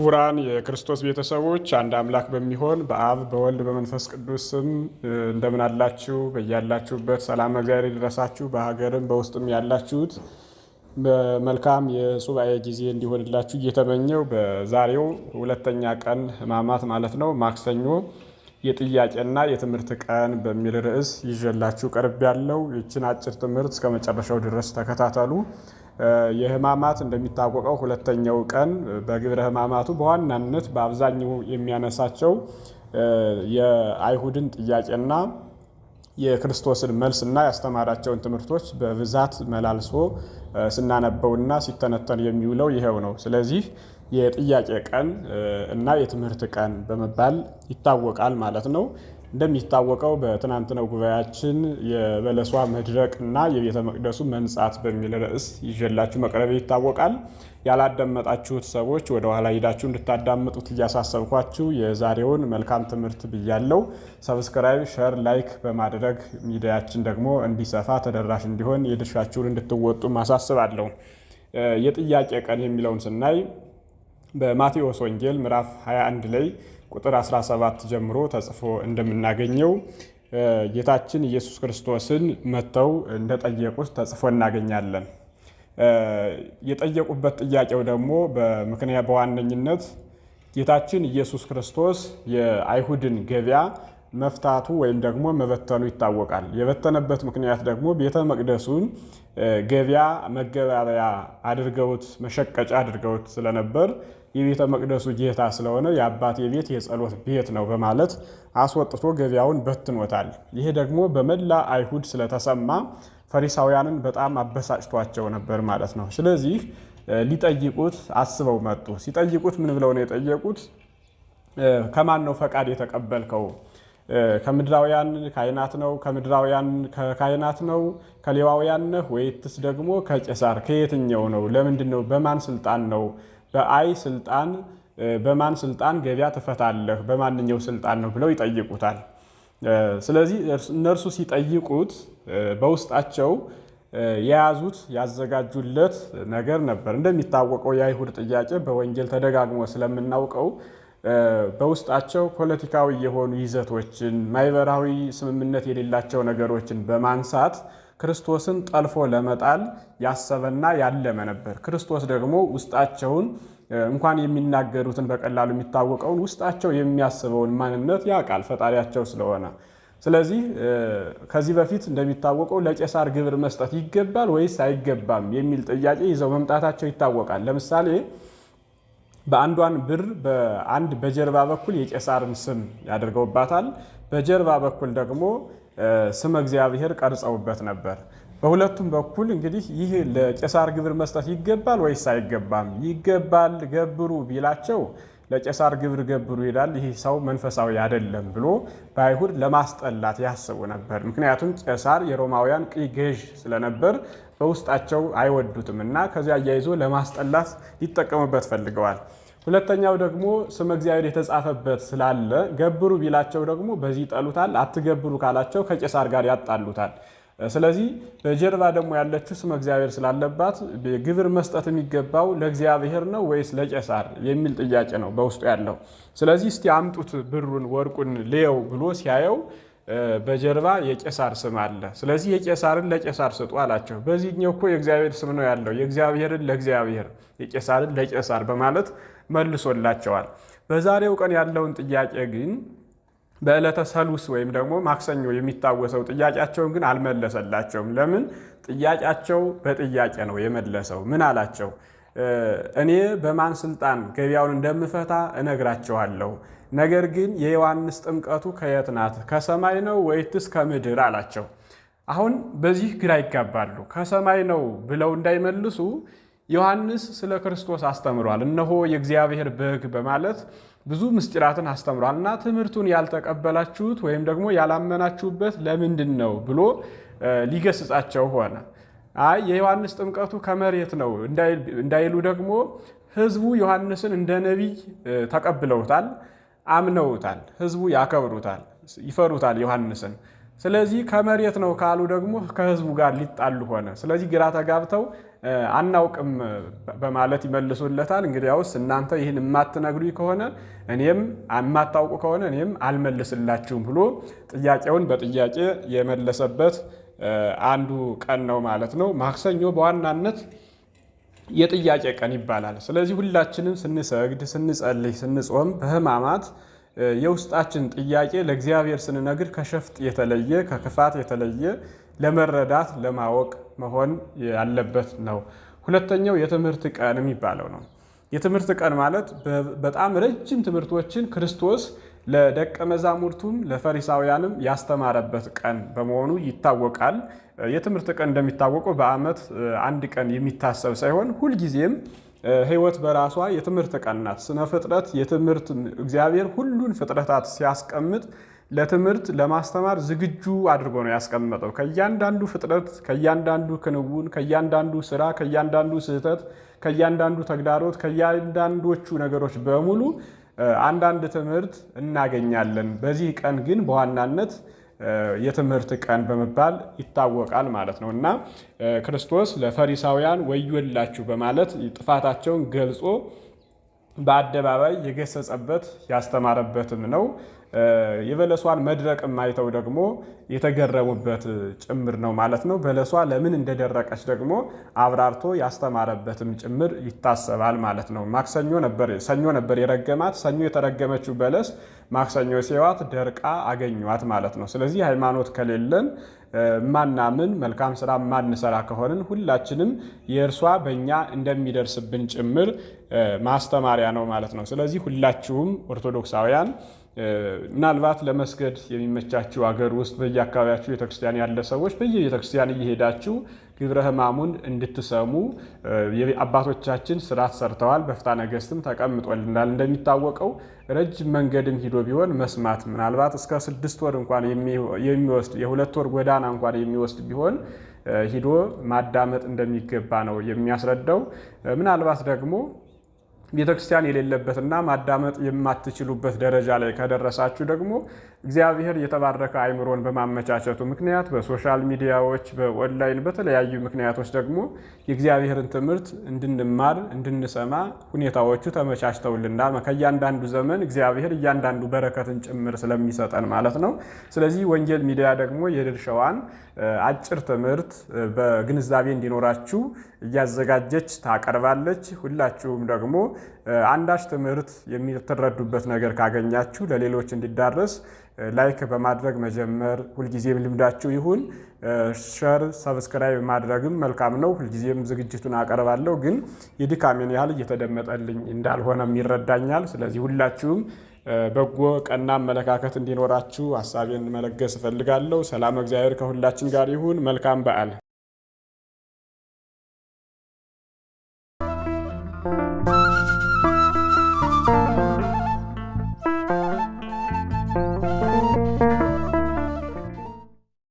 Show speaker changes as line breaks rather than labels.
ክቡራን የክርስቶስ ቤተሰቦች አንድ አምላክ በሚሆን በአብ በወልድ በመንፈስ ቅዱስ ስም እንደምን አላችሁ? በያላችሁበት ሰላም እግዚአብሔር ይድረሳችሁ። በሀገርም በውስጥም ያላችሁት መልካም የሱባኤ ጊዜ እንዲሆንላችሁ እየተመኘው በዛሬው ሁለተኛ ቀን ሕማማት ማለት ነው ማክሰኞ የጥያቄና የትምህርት ቀን በሚል ርዕስ ይዤላችሁ ቀርብ ያለው ይችን አጭር ትምህርት እስከ መጨረሻው ድረስ ተከታተሉ። የህማማት እንደሚታወቀው ሁለተኛው ቀን በግብረ ህማማቱ በዋናነት በአብዛኛው የሚያነሳቸው የአይሁድን ጥያቄና የክርስቶስን መልስ እና ያስተማራቸውን ትምህርቶች በብዛት መላልሶ ስናነበውና ሲተነተን የሚውለው ይኸው ነው። ስለዚህ የጥያቄ ቀን እና የትምህርት ቀን በመባል ይታወቃል ማለት ነው። እንደሚታወቀው በትናንትናው ጉባኤያችን የበለሷ መድረቅ እና የቤተ መቅደሱ መንጻት በሚል ርዕስ ይዤላችሁ መቅረብ ይታወቃል። ያላዳመጣችሁት ሰዎች ወደ ኋላ ሂዳችሁ እንድታዳምጡት እያሳሰብኳችሁ የዛሬውን መልካም ትምህርት ብያለው። ሰብስክራይብ፣ ሸር፣ ላይክ በማድረግ ሚዲያችን ደግሞ እንዲሰፋ ተደራሽ እንዲሆን የድርሻችሁን እንድትወጡ ማሳስባለሁ። የጥያቄ ቀን የሚለውን ስናይ በማቴዎስ ወንጌል ምዕራፍ 21 ላይ ቁጥር 17 ጀምሮ ተጽፎ እንደምናገኘው ጌታችን ኢየሱስ ክርስቶስን መጥተው እንደጠየቁት ተጽፎ እናገኛለን። የጠየቁበት ጥያቄው ደግሞ በምክንያት በዋነኝነት ጌታችን ኢየሱስ ክርስቶስ የአይሁድን ገበያ መፍታቱ ወይም ደግሞ መበተኑ ይታወቃል። የበተነበት ምክንያት ደግሞ ቤተ መቅደሱን ገበያ መገበያያ አድርገውት መሸቀጫ አድርገውት ስለነበር የቤተ መቅደሱ ጌታ ስለሆነ የአባቴ ቤት የጸሎት ቤት ነው በማለት አስወጥቶ ገበያውን በትኖታል። ይሄ ደግሞ በመላ አይሁድ ስለተሰማ ፈሪሳውያንን በጣም አበሳጭቷቸው ነበር ማለት ነው። ስለዚህ ሊጠይቁት አስበው መጡ። ሲጠይቁት ምን ብለው ነው የጠየቁት? ከማን ነው ፈቃድ የተቀበልከው ከምድራውያን ካህናት ነው? ከምድራውያን ከካህናት ነው? ከሌዋውያን ነህ ወይትስ ደግሞ ከቄሳር ከየትኛው ነው? ለምንድን ነው? በማን ስልጣን ነው? በአይ ስልጣን በማን ስልጣን ገበያ ትፈታለህ? በማንኛው ስልጣን ነው ብለው ይጠይቁታል። ስለዚህ እነርሱ ሲጠይቁት በውስጣቸው የያዙት ያዘጋጁለት ነገር ነበር። እንደሚታወቀው የአይሁድ ጥያቄ በወንጌል ተደጋግሞ ስለምናውቀው በውስጣቸው ፖለቲካዊ የሆኑ ይዘቶችን ማህበራዊ ስምምነት የሌላቸው ነገሮችን በማንሳት ክርስቶስን ጠልፎ ለመጣል ያሰበና ያለመ ነበር። ክርስቶስ ደግሞ ውስጣቸውን እንኳን የሚናገሩትን በቀላሉ የሚታወቀውን ውስጣቸው የሚያስበውን ማንነት ያውቃል ፈጣሪያቸው ስለሆነ። ስለዚህ ከዚህ በፊት እንደሚታወቀው ለቄሳር ግብር መስጠት ይገባል ወይስ አይገባም የሚል ጥያቄ ይዘው መምጣታቸው ይታወቃል። ለምሳሌ በአንዷን ብር በአንድ በጀርባ በኩል የቄሳርን ስም ያደርገውባታል። በጀርባ በኩል ደግሞ ስም እግዚአብሔር ቀርጸውበት ነበር። በሁለቱም በኩል እንግዲህ ይህ ለቄሳር ግብር መስጠት ይገባል ወይስ አይገባም? ይገባል ገብሩ ቢላቸው ለቄሳር ግብር ገብሩ ይላል፣ ይህ ሰው መንፈሳዊ አይደለም ብሎ በአይሁድ ለማስጠላት ያስቡ ነበር። ምክንያቱም ቄሳር የሮማውያን ቅኝ ገዥ ስለነበር በውስጣቸው አይወዱትም እና ከዚያ አያይዞ ለማስጠላት ሊጠቀሙበት ፈልገዋል። ሁለተኛው ደግሞ ስመ እግዚአብሔር የተጻፈበት ስላለ ገብሩ ቢላቸው ደግሞ በዚህ ይጠሉታል፣ አትገብሩ ካላቸው ከቄሳር ጋር ያጣሉታል። ስለዚህ በጀርባ ደግሞ ያለችው ስም እግዚአብሔር ስላለባት ግብር መስጠት የሚገባው ለእግዚአብሔር ነው ወይስ ለቄሳር የሚል ጥያቄ ነው በውስጡ ያለው። ስለዚህ እስቲ አምጡት ብሩን ወርቁን ልየው ብሎ ሲያየው በጀርባ የቄሳር ስም አለ። ስለዚህ የቄሳርን ለቄሳር ስጡ አላቸው። በዚህኛው እኮ የእግዚአብሔር ስም ነው ያለው። የእግዚአብሔርን ለእግዚአብሔር የቄሳርን ለቄሳር በማለት መልሶላቸዋል። በዛሬው ቀን ያለውን ጥያቄ ግን በዕለተ ሰሉስ ወይም ደግሞ ማክሰኞ የሚታወሰው ጥያቄያቸውን ግን አልመለሰላቸውም። ለምን? ጥያቄያቸው በጥያቄ ነው የመለሰው። ምን አላቸው? እኔ በማን ስልጣን ገበያውን እንደምፈታ እነግራቸዋለሁ። ነገር ግን የዮሐንስ ጥምቀቱ ከየት ናት? ከሰማይ ነው ወይትስ ከምድር አላቸው። አሁን በዚህ ግራ ይጋባሉ። ከሰማይ ነው ብለው እንዳይመልሱ ዮሐንስ ስለ ክርስቶስ አስተምሯል። እነሆ የእግዚአብሔር በግ በማለት ብዙ ምስጢራትን አስተምሯል እና ትምህርቱን ያልተቀበላችሁት ወይም ደግሞ ያላመናችሁበት ለምንድን ነው ብሎ ሊገስጻቸው ሆነ። አይ የዮሐንስ ጥምቀቱ ከመሬት ነው እንዳይሉ ደግሞ ህዝቡ ዮሐንስን እንደ ነቢይ ተቀብለውታል፣ አምነውታል። ህዝቡ ያከብሩታል፣ ይፈሩታል ዮሐንስን። ስለዚህ ከመሬት ነው ካሉ ደግሞ ከህዝቡ ጋር ሊጣሉ ሆነ። ስለዚህ ግራ ተጋብተው አናውቅም በማለት ይመልሱለታል። እንግዲያውስ እናንተ ይህን የማትነግሩ ከሆነ እኔም የማታውቁ ከሆነ እኔም አልመልስላችሁም ብሎ ጥያቄውን በጥያቄ የመለሰበት አንዱ ቀን ነው ማለት ነው። ማክሰኞ በዋናነት የጥያቄ ቀን ይባላል። ስለዚህ ሁላችንም ስንሰግድ፣ ስንጸልይ፣ ስንጾም በህማማት የውስጣችን ጥያቄ ለእግዚአብሔር ስንነግር ከሸፍጥ የተለየ ከክፋት የተለየ ለመረዳት ለማወቅ መሆን ያለበት ነው። ሁለተኛው የትምህርት ቀን የሚባለው ነው። የትምህርት ቀን ማለት በጣም ረጅም ትምህርቶችን ክርስቶስ ለደቀ መዛሙርቱም ለፈሪሳውያንም ያስተማረበት ቀን በመሆኑ ይታወቃል። የትምህርት ቀን እንደሚታወቀው በዓመት አንድ ቀን የሚታሰብ ሳይሆን ሁልጊዜም ሕይወት በራሷ የትምህርት ቀን ናት። ስነ ፍጥረት የትምህርት እግዚአብሔር ሁሉን ፍጥረታት ሲያስቀምጥ ለትምህርት ለማስተማር ዝግጁ አድርጎ ነው ያስቀመጠው። ከእያንዳንዱ ፍጥረት፣ ከእያንዳንዱ ክንውን፣ ከእያንዳንዱ ስራ፣ ከእያንዳንዱ ስህተት፣ ከእያንዳንዱ ተግዳሮት፣ ከእያንዳንዶቹ ነገሮች በሙሉ አንዳንድ ትምህርት እናገኛለን። በዚህ ቀን ግን በዋናነት የትምህርት ቀን በመባል ይታወቃል ማለት ነው እና ክርስቶስ ለፈሪሳውያን ወዮላችሁ በማለት ጥፋታቸውን ገልጾ በአደባባይ የገሰጸበት ያስተማረበትም ነው። የበለሷን መድረቅም አይተው ደግሞ የተገረሙበት ጭምር ነው ማለት ነው። በለሷ ለምን እንደደረቀች ደግሞ አብራርቶ ያስተማረበትም ጭምር ይታሰባል ማለት ነው። ማክሰኞ ነበር ሰኞ ነበር የረገማት። ሰኞ የተረገመችው በለስ ማክሰኞ ሴዋት ደርቃ አገኟት ማለት ነው። ስለዚህ ሃይማኖት ከሌለን ማናምን መልካም ስራ ማንሰራ ከሆንን ሁላችንም የእርሷ በእኛ እንደሚደርስብን ጭምር ማስተማሪያ ነው ማለት ነው። ስለዚህ ሁላችሁም ኦርቶዶክሳውያን ምናልባት ለመስገድ የሚመቻችው አገር ውስጥ በየአካባቢያችሁ ቤተክርስቲያን ያለ ሰዎች በየቤተክርስቲያን እየሄዳችሁ ግብረ ሕማሙን እንድትሰሙ አባቶቻችን ስርዓት ሰርተዋል። በፍታ ነገስትም ተቀምጦልናል። እንደሚታወቀው ረጅም መንገድም ሂዶ ቢሆን መስማት ምናልባት እስከ ስድስት ወር እንኳን የሚወስድ የሁለት ወር ጎዳና እንኳን የሚወስድ ቢሆን ሂዶ ማዳመጥ እንደሚገባ ነው የሚያስረዳው። ምናልባት ደግሞ ቤተክርስቲያን የሌለበትና ማዳመጥ የማትችሉበት ደረጃ ላይ ከደረሳችሁ ደግሞ እግዚአብሔር የተባረከ አይምሮን በማመቻቸቱ ምክንያት በሶሻል ሚዲያዎች፣ በኦንላይን በተለያዩ ምክንያቶች ደግሞ የእግዚአብሔርን ትምህርት እንድንማር እንድንሰማ ሁኔታዎቹ ተመቻችተውልናል። ከእያንዳንዱ ዘመን እግዚአብሔር እያንዳንዱ በረከትን ጭምር ስለሚሰጠን ማለት ነው። ስለዚህ ወንጌል ሚዲያ ደግሞ የድርሻዋን አጭር ትምህርት በግንዛቤ እንዲኖራችሁ እያዘጋጀች ታቀርባለች። ሁላችሁም ደግሞ አንዳች ትምህርት የሚተረዱበት ነገር ካገኛችሁ ለሌሎች እንዲዳረስ ላይክ በማድረግ መጀመር ሁልጊዜም ልምዳችሁ ይሁን። ሸር ሰብስክራይብ ማድረግም መልካም ነው። ሁልጊዜም ዝግጅቱን አቀርባለሁ፣ ግን የድካሜን ያህል እየተደመጠልኝ እንዳልሆነም ይረዳኛል። ስለዚህ ሁላችሁም በጎ ቀና አመለካከት እንዲኖራችሁ ሀሳቤን መለገስ እፈልጋለሁ። ሰላም እግዚአብሔር ከሁላችን ጋር ይሁን። መልካም በዓል